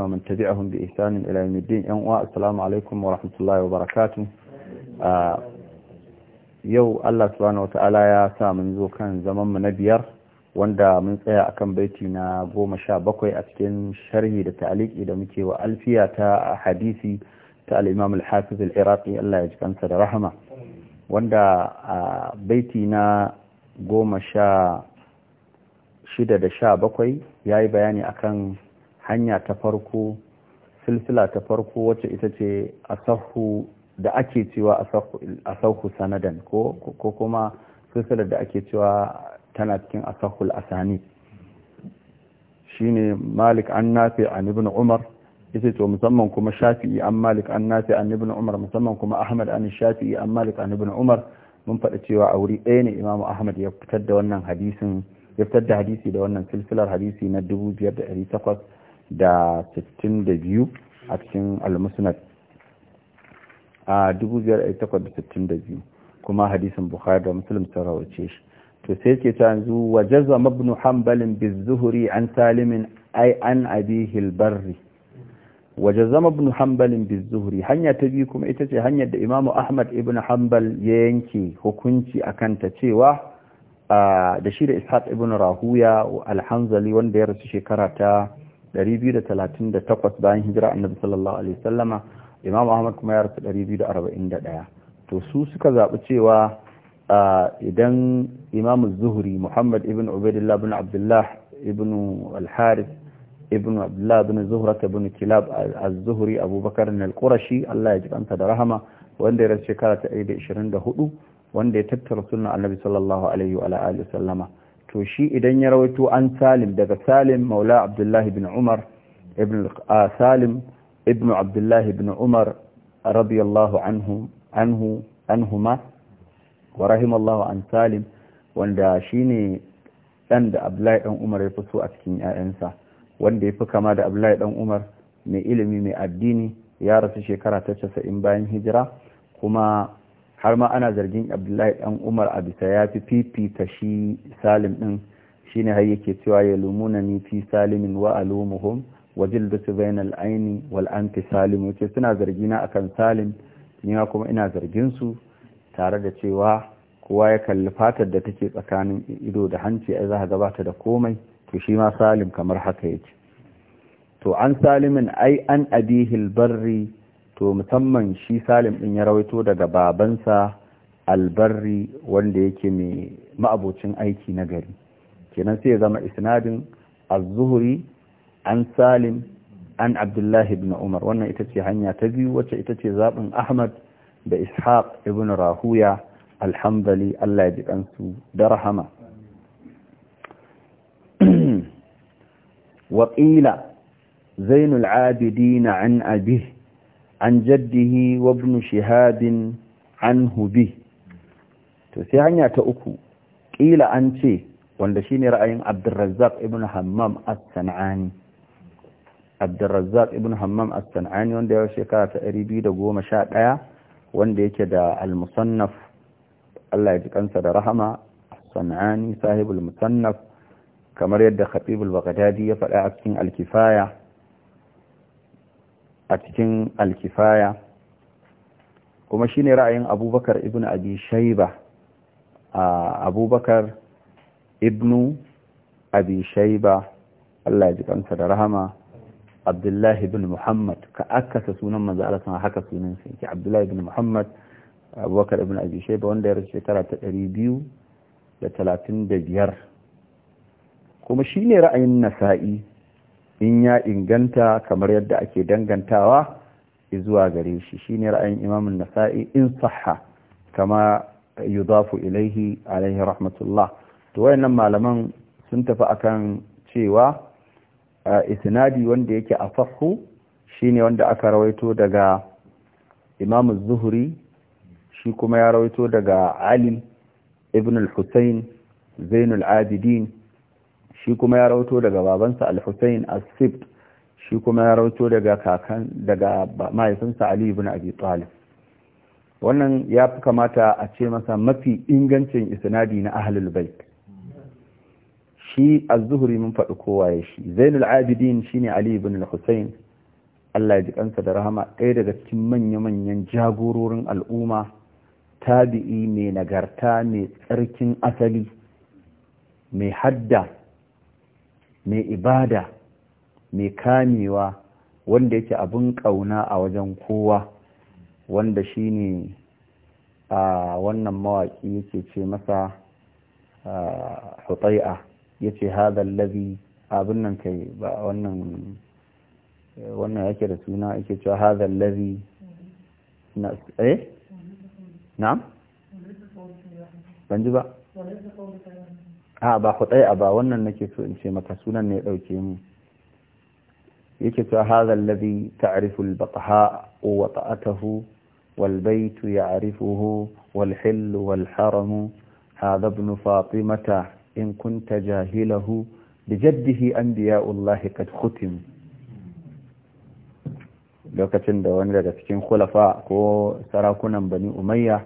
ومن تبعهم بإحسان إلى يوم الدين أنواع السلام عليكم ورحمة الله yau Allah subhanahu ya sa mun zo kan zaman mu na biyar wanda mun tsaya akan baiti na goma sha bakwai a cikin sharhi da ta'aliki da muke wa alfiya ta hadisi ta al-imam al-hafiz al-iraqi Allah ya ji kansa da rahama wanda a baiti na goma sha shida da sha bakwai ya yi bayani akan hanya ta farko silsila ta farko wacce ita ce asahu da ake cewa asahu sanadan ko kuma silsilar da ake cewa tana cikin asahul asani shine malik an nafi an ibn umar yace to musamman kuma shafi'i an malik an nafi an ibn umar musamman kuma ahmad an shafi'i an malik an ibn umar mun faɗa cewa a wuri ɗaya ne imamu ahmad ya fitar da wannan hadisin ya fitar da hadisi da wannan silsilar hadisi na 2800 da 62 a cikin al a 5862 kuma hadisin bukhari da muslim sun shi to sai ke ta yanzu wa mabnu hanbalin hanbal zuhuri an salimin ai an abi barri wa mabnu hanbalin hanbal zuhuri hanya ta biyu kuma ita ce hanyar da imam ahmad ibn hanbal ya yanke hukunci a kanta cewa da shi da ishaq ibn rahuya al-hanzali wanda ya rasu shekara ta 238 bayan hijira annabi sallallahu alaihi wasallama imam ahmad kuma ya rasu 241 to su suka zaɓi cewa idan imam zuhuri muhammad ibn ubaidillah ibn abdullah ibn al-harith ibn abdullah ibn zuhra ibn kilab az-zuhri abubakar al-qurashi Allah ya ji kansa da rahama wanda ya rasu shekara ta 124 wanda ya tattara sunna annabi sallallahu alaihi wa alihi wasallama to shi idan ya rawaito an salim daga salim maula abdullahi bin umar ibn salim ibn abdullahi bin umar radiyallahu anhu anhu anhuma wa rahimallahu an salim wanda shine dan da abdullahi dan umar ya fito a cikin 'ya'yansa wanda ya fi kama da abdullahi dan umar mai ilimi mai addini ya rasu shekara ta casa'in bayan hijira kuma har ma ana zargin abdullahi dan umar a bisa ya fi fifita shi salim din shine har yake cewa ya lumuna ni fi salimin wa alumuhum wa jildatu bainal aini wal anfi salim yace suna zargina akan salim ni kuma ina zargin su tare da cewa kowa ya kalli fatar da take tsakanin ido da hanci ai za ka gabata da komai to shi ma salim kamar haka yace to an salimin ai an abihil barri to musamman shi salim din ya rawaito daga babansa albarri wanda yake mai ma'abocin aiki na gari kenan sai ya zama isnadin az-zuhri an salim an abdullahi ibn umar wannan ita ce hanya ta biyu wacce ita ce zaɓin ahmad da ishaq ibn rahuya alhambali allah ya ji kansu da rahama waƙila zainul abidina an abih an jaddihi wa ibn shihabin an hubi to sai hanya ta uku ƙila an ce wanda shine ra'ayin abdurrazzaq ibn hammam as-san'ani abdurrazzaq ibn hammam as-san'ani wanda ya shekara ta ɗaya wanda yake da al-musannaf Allah ya ji kansa da rahama as-san'ani sahibul musannaf kamar yadda khatib al-baghdadi ya faɗa a cikin al-kifaya a cikin alkifaya kuma shine ra'ayin abubakar ibn abi shaiba abubakar ibn abi shaiba Allah ji kansa da rahama abdullahi ibn muhammad ka akasa sunan manzo Allah sama haka sunan sa yake abdullahi ibn muhammad abubakar ibn abi shaiba wanda ya rasu shekara ta ɗari biyu da talatin da biyar kuma shine ra'ayin nasa'i in ya inganta kamar yadda ake dangantawa zuwa gare shi shine ra'ayin imamun nasa'i in saha kama yudafu ilaihi alaihi rahmatullah to wayannan malaman sun tafi akan cewa isnadi wanda yake a afahu shine wanda aka rawaito daga imam zuhri shi kuma ya rawaito daga ali ibn al-husayn zainul abidin shi kuma ya rauto daga babansa al-Husayn as-Sibt shi kuma ya rauto daga kakan daga mahaifinsa Ali ibn Abi Talib wannan ya fi kamata a ce masa mafi ingancin isnadi na ahlul bait shi az-Zuhri mun faɗi kowa ya shi Zainul Abidin shine Ali ibn al-Husayn Allah ya ji kansa da rahama ɗaya daga cikin manya-manyan jagororin al'umma tabi'i mai nagarta mai tsarkin asali mai hadda mai ibada mai kamewa wanda yake abin ƙauna a wajen kowa wanda shi ne a wannan mawaƙi yake ce masa hutai'a ya ce hadallazi abin nan kai ba wannan wannan yake da suna yake cewa hadallazi na eh na? ban ji ba a ba ku hudai ba wannan nake so in ce maka sunan ne dauke mu yake to hadha alladhi ta'rifu al-batha wa ta'atuhu wal bayt ya'rifuhu wal hill wal haram hadha ibn fatimata in kunta jahilahu bi bijaddihi anbiya'ullahi qad khutim lokacin da wani daga cikin khulafa ko sarakunan bani umayya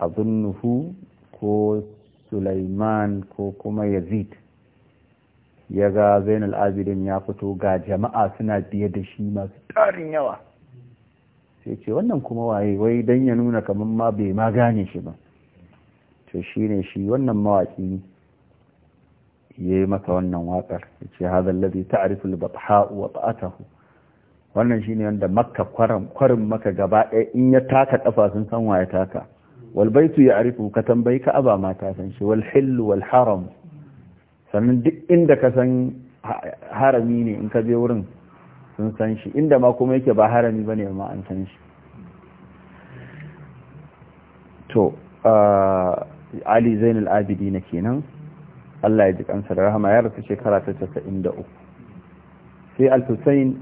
azunnuhu ko Sulaiman ko kuma Yazid ya ga Zainul Abidin ya fito ga jama'a suna biye da shi masu tarin yawa sai ce wannan kuma waye wai dan ya nuna kamar ma bai ma gane shi ba to ne shi wannan mawaki ya yi maka wannan waƙar ya ce hazan lazi ta arifin wa wannan shi ne wanda maka kwarin maka gaba ɗaya in ya taka ƙafa sun san ya taka wal baitu ya'rifu ka tambayi ka aba ta san shi wal hill wal haram sannan duk inda ka san harami ne in ka je wurin sun san shi inda ma kuma yake ba harami bane ma an san shi to ali zainul abidin kenan Allah ya ji kansa da rahama ya rasu shekara ta 93 sai al-Husayn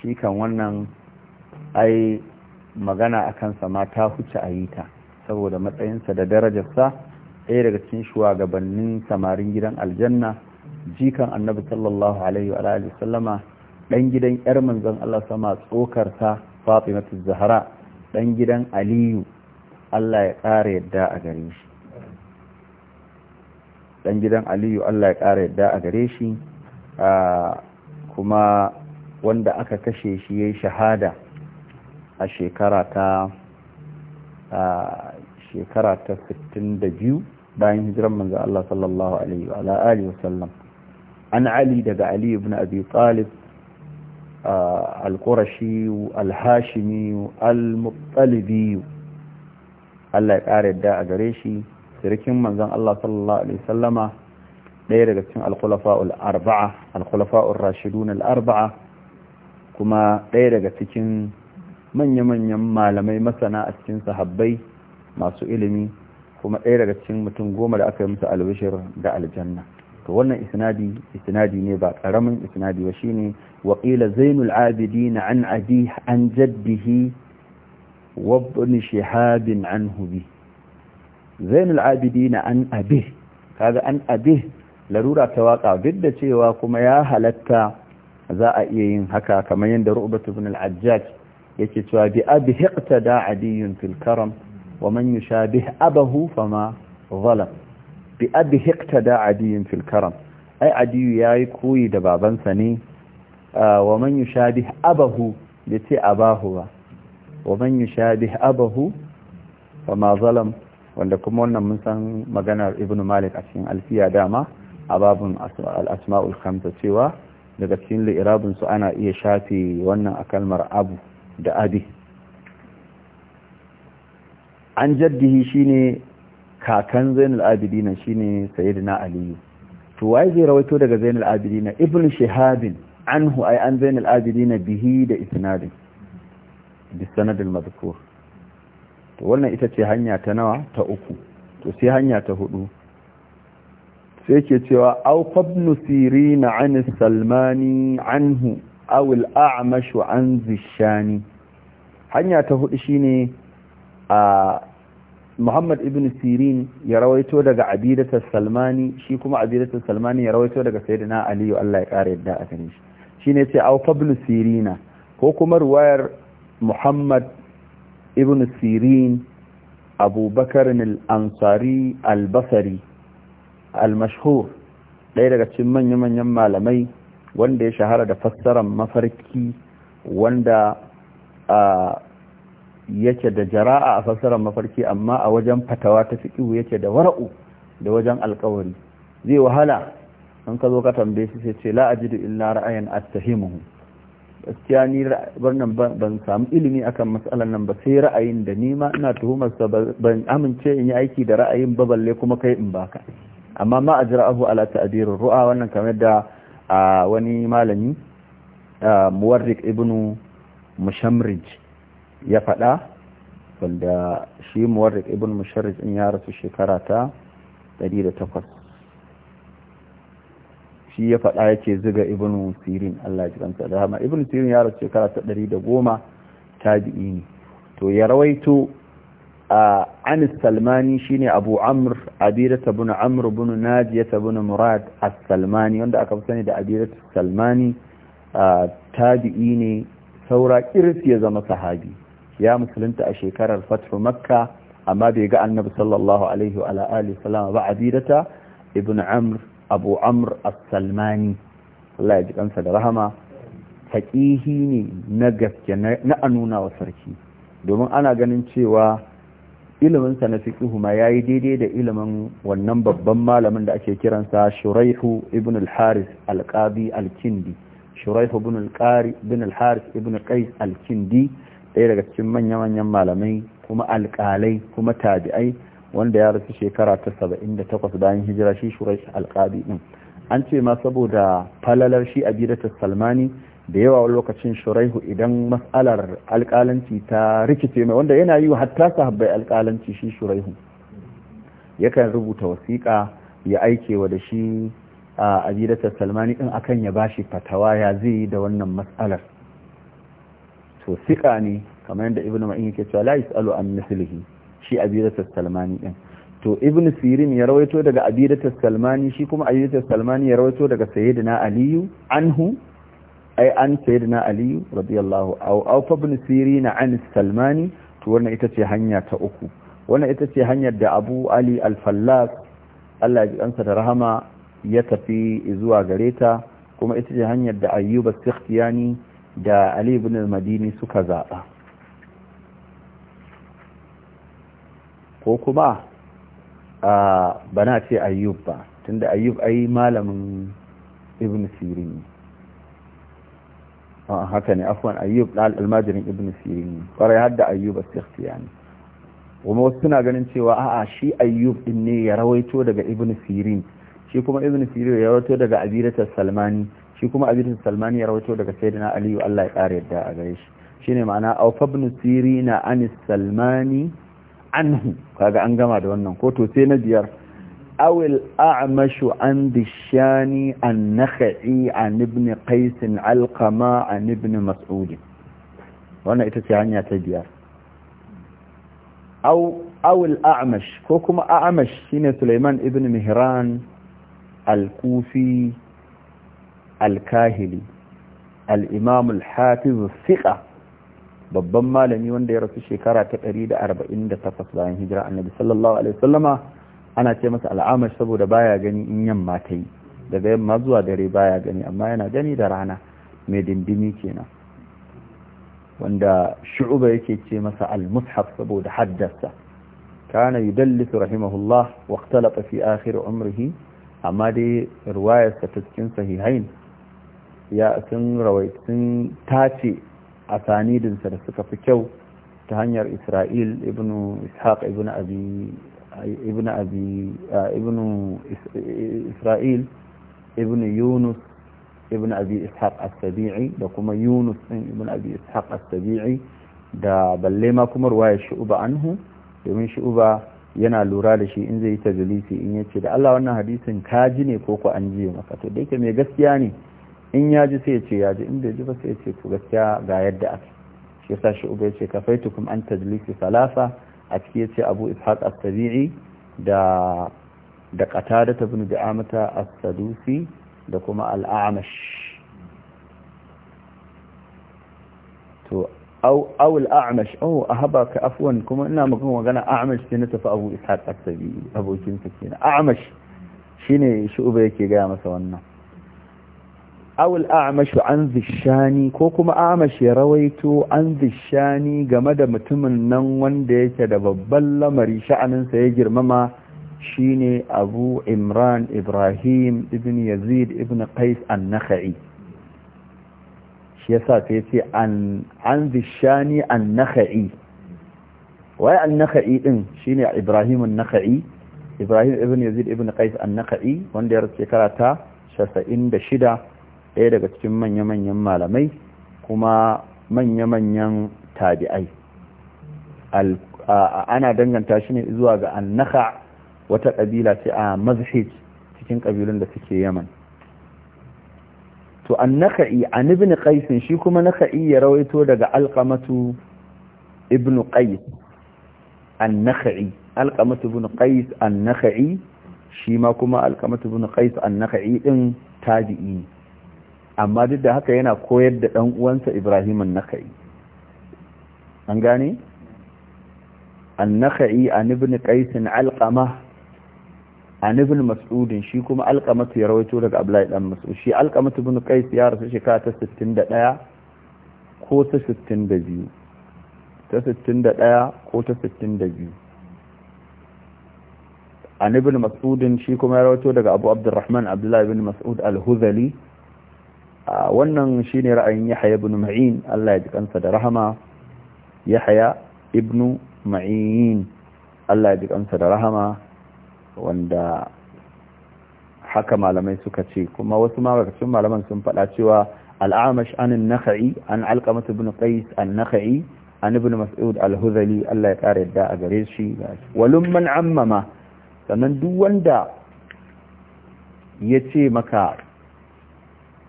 shi kan wannan ai magana a kansa mata ta huce a yi ta saboda matsayinsa da darajarsa ɗaya daga cikin shugabannin samarin gidan aljanna jikan annabi sallallahu alaihi wa alihi sallama dan gidan yar manzon Allah sama tsokar sa Fatimatu Zahra dan gidan Aliyu Allah ya ƙara yadda a gare shi dan gidan Aliyu Allah ya ƙara yadda a gare shi kuma wanda aka kashe shi yayi shahada a shekara ta shekara ta 62 bayan hijiran manzo Allah sallallahu alaihi wa ala alihi wa sallam an ali daga ali ibn abi talib al-qurashi al-hashimi al-muttalibi Allah ya kare da a gare shi sirkin manzon Allah sallallahu alaihi sallama ɗaya daga cikin al-khulafa'ul arba'a al-khulafa'ur rashidun al-arba'a kuma ɗaya daga cikin manya-manyan malamai masana a cikin sahabbai masu ilimi kuma ɗaya daga cikin mutum goma da aka yi musu albishir da aljanna to wannan isnadi isnadi ne ba karamin isnadi ba shine wa qila zainul abidin an abi an jaddihi wa ibn shihab anhu bi zainul abidin an abi kaga an abi larura ta waka bidda cewa kuma ya halatta za a iya yin haka kamar yadda ru'batu ibn al-ajjaj yake cewa bi abi hiqtada adiyun fil karam wa man yushabih abahu fama zalam bi abi hiqtada adiyin fil karam ai adiyu yayi koyi da babansa ne wa man yushabih abahu yace abahu wanda kuma wannan mun san maganar ibn malik a cikin alfiya dama a babin al'asma'ul khamsa cewa daga cikin li'irabin su ana iya shafe wannan a kalmar abu da abi an jaddihi shine kakan zainul abidina shine sayyidina Aliyu. to wai zai rawaito daga zainul abidina ibn shihabin anhu ay an zainul abidina bihi da isnadi bi sanadil madhkur to wannan ita ce hanya ta nawa ta uku to sai hanya ta hudu sai ke cewa aw qabnu sirina an salmani anhu aw al a'mash an zishani hanya ta hudu shine a muhammad ibn sirin ya rawaito daga abidatar salmani shi kuma abidatar salmani ya rawaito daga sayyidina aliyu allah ya kara yadda a gani shi ne ce au sirina ko kuma ruwayar muhammad ibn sirin abubakar al-ansari al-basari al-mashhur ɗaya daga cikin manya-manyan malamai wanda ya shahara da fassarar mafarki wanda yake da jara'a a fassarar mafarki amma a wajen fatawa ta fiƙihu yake da wara'u da wajen alƙawari zai wahala an ka zo ka tambaye shi sai ce la ajidu illa ra'ayan attahimuhu gaskiya ni wannan ban samu ilimi akan matsalar nan ba sai ra'ayin da ni ma ina tuhumar sa ban amince in yi aiki da ra'ayin ba balle kuma kai in baka amma ma ajra'ahu ala ta'dirir ru'a wannan kamar da wani malami muwarrik ibnu mushamrij ya faɗa wanda shi muwarrik ibn musharrif in ya rasu shekara ta 108 shi ya faɗa yake ziga ibn sirin Allah ya kansa da hama ibn sirin ya rasu shekara ta 110 tabi'i ne to ya rawaito a an salmani shine abu amr abirata ibn amr ibn najiyata ibn murad as-salmani wanda aka fi sani da abirata salmani tabi'i ne saura kirsi ya zama sahabi ya musulunta a shekarar fathu makka amma bai ga annabi sallallahu alaihi wa alihi salama ba abidata ibn amr abu amr as-salmani Allah ya ji kansa da rahama faqihi ne na gaske na anuna wa sarki domin ana ganin cewa ilimin sa na fiqhu ma yayi daidai da ilimin wannan babban malamin da ake kiransa shuraihu ibn al-haris al-qadi al-kindi shuraihu ibn al-qari ibn al-haris ibn qais al-kindi ɗaya daga cikin manya-manyan malamai kuma alƙalai kuma tabi'ai wanda ya rasu shekara ta saba'in da takwas bayan hijira shi shurai alƙadi ɗin an ce ma saboda falalar shi abidata salmani da yawa wani lokacin shuraihu idan mas'alar alƙalanci ta rikice mai wanda yana yi wa hatta sahabbai alƙalanci shi shuraihu yakan rubuta wasiƙa ya aike wa da shi a abidata salmani ɗin akan ya bashi fatawa ya zai yi da wannan matsalar to sika ne kamar yadda ibn ma'in yake cewa la yasalu an mislihi shi abidatu salmani din to Ibn sirin ya rawaito daga abidatu salmani shi kuma abidatu salmani ya rawaito daga sayyidina aliyu anhu ai an sayyidina aliyu radiyallahu au au Ibn sirin an salmani to wannan ita ce hanya ta uku wannan ita ce hanyar da abu ali al-fallas Allah ya ansa da rahama ya tafi zuwa gareta kuma ita ce hanyar da ayyuba sikhtiyani da ali ibn al-madini suka zaɓa ko kuma a bana ce ayyub ba tunda ayyub ai malamin ibn sirin a haka ne afwan ayyub almajirin ibn sirin kare hadda ayyub a sikhtiyani kuma wasu suna ganin cewa a'a shi ayyub din ne ya rawaito daga ibn sirin shi kuma ibn sirin ya rawaito daga abiratar salmani shi kuma abin salmani ya rawato daga sayyidina aliyu Allah ya kare yadda a gare shi shine ma'ana aufabnu siri sirina an salmani anhu kaga an gama da wannan ko to sai na biyar awil a'mashu an dishani an nakhai an ibn qais alqama an ibn mas'ud wannan ita ce hanya ta biyar aw awil a'mash ko kuma a'mash shine sulaiman ibn mihran al-kufi alkahili al'imam al-hafiz siƙa babban malami wanda ya rasu shekara ta 148 bayan hijira annabi sallallahu alaihi wasallama ana ce masa al'amash saboda baya gani in yamma ta yi daga yamma zuwa dare baya gani amma yana gani da rana mai dindimi kenan wanda shu'uba yake ce masa al-mushaf saboda haddasa kana yudallisu rahimahullah wa fi akhir umrihi amma dai riwayar ta cikin sahihain ya sun rawai sun tace a sanidinsa da suka fi kyau ta hanyar isra'il ibn ishaq ibn abi ibn abi ibn isra'il ibn yunus ibn abi ishaq as-sabi'i da kuma yunus ibn abi ishaq as-sabi'i da balle ma kuma ruwaya shu'ba anhu domin shu'ba yana lura da shi in zai yi tajlisi in yace da Allah wannan hadisin ka ji ne koko ko an ji maka to dai ke mai gaskiya ne in ya ji sai ya ce ya ji in bai ji ba sai ya ce to gaskiya ga yadda ake shi yasa shi uba ya ce kafaitukum an tajlisi salasa a ciki ya ce abu ishaq as-sabi'i da da qatada bin da'amata as-sadusi da kuma al-a'mash to aw aw al-a'mash oh ahaba ka afwan kuma ina magana magana a'mash ne tafi abu ishaq as-sabi'i abokin sa kenan a'mash shine shi uba yake ga masa wannan awul a'mashu an zishani ko kuma a'mash ya rawaito an zishani game da mutumin nan wanda yake da babban lamari sha'aninsa ya girmama shine abu imran ibrahim ibn yazid ibn qais an-nakhai shi yasa ta yace an an zishani an-nakhai wai an-nakhai din shine ibrahim an-nakhai ibrahim ibn yazid ibn qais an-nakhai wanda ya rasu shekara ta 96 ɗaya daga cikin manya-manyan malamai kuma manya-manyan tabi'ai ana danganta shi ne zuwa ga annaka wata ƙabila ce a cikin ƙabilun da suke yaman to annaka'i an ibn qaisin shi kuma naka'i ya rawaito daga alqamatu ibn qais annaka'i alqamatu ibn qais annaka'i shi ma kuma alqamatu ibn qais annaka'i din tabi'i amma duk da haka yana koyar da ɗan uwansa ibrahimun naka'i an gane an annaka'i an ibn qaisin alqama an ibn mas'ud shi kuma alqama ya rawaito daga abdullahi dan mas'ud shi alqama ibn qais ya rasu shekara ta 61 ko ta 62 ta 61 ko ta 62 an ibn mas'ud shi kuma ya rawaito daga abu abdurrahman abdullahi ibn mas'ud al-huzali wannan shi ne ra'ayin yahaya ibn Ma'in Allah ya ji kansa da rahama yahaya ibn Ma'in Allah ya ji kansa da rahama wanda haka malamai suka ce kuma wasu mawakacin malaman sun faɗa cewa al'amash an naka'i an alqamat ibn qais an naka'i an ibn mas'ud al-huzali Allah ya ƙara yadda a gare shi man ammama sannan duk wanda ya ce maka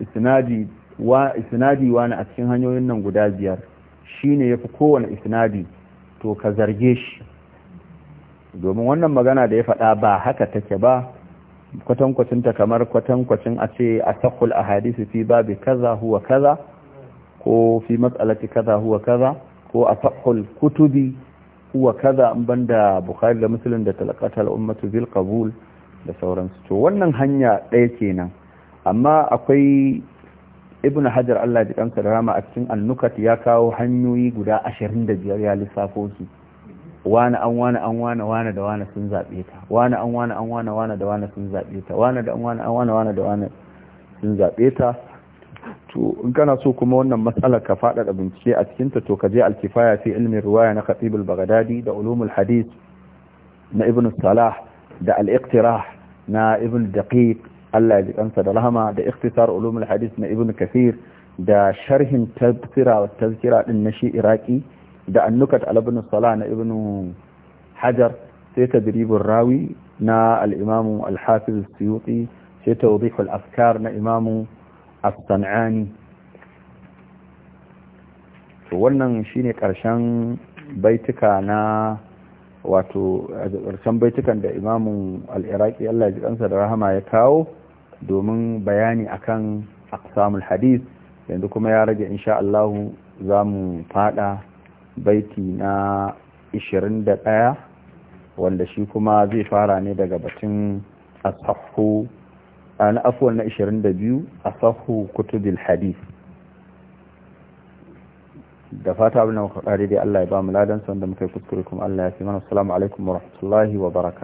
isnadi wa isnadi wani a cikin hanyoyin nan guda biyar shine yafi kowane isnadi to ka zarge shi domin wannan magana da ya faɗa ba haka take ba ta kamar kwatankwacin a ce a takul a hadisi fi babi kaza huwa kaza ko fi matsalaci kaza huwa kaza ko a takul kutubi huwa kaza in banda bukhari da musulun da talakatar ummatu bil qabul da sauransu to wannan hanya ɗaya kenan amma akwai ibn hajar allah ji kansa da rama a cikin annukat ya kawo hanyoyi guda ashirin da biyar ya lissafo su wani an wani an wani wani da wani sun zaɓe ta wani an wani an wani wani da wani sun zaɓe ta wani da wani an wani wani da wani sun zaɓe ta to in kana so kuma wannan matsalar ka faɗaɗa bincike a ta to ka je alkifaya fi ilmin ruwaya na khatib al-baghdadi da ulumul hadith na ibn salah da al-iqtirah na ibn daqiq Allah ya ji kansa da rahama da ikhtisar ulumul hadith na ibn kathir da sharhin tafsira wa tazkira din na shi iraki da annukat al-ibn salah na ibn hajar sai tadribur rawi na al-imam al-hafiz suyuti sai tawdih al-afkar na imam as-sanani to wannan shine karshen baituka na wato a ƙarshen baitukan da imamun al'iraki Allah ya ji kansa da rahama ya kawo domin bayani akan aqsamul hadith yanzu kuma ya rage insha Allah zamu mu fada baiti na 21 wanda shi kuma zai fara ne daga batun asahhu na afwan na 22 asahhu kutubil hadith da fata abin da muka kare dai Allah ya ba mu ladan san da muka kuskure kuma Allah ya fi mana assalamu alaikum wa rahmatullahi wa barakatuh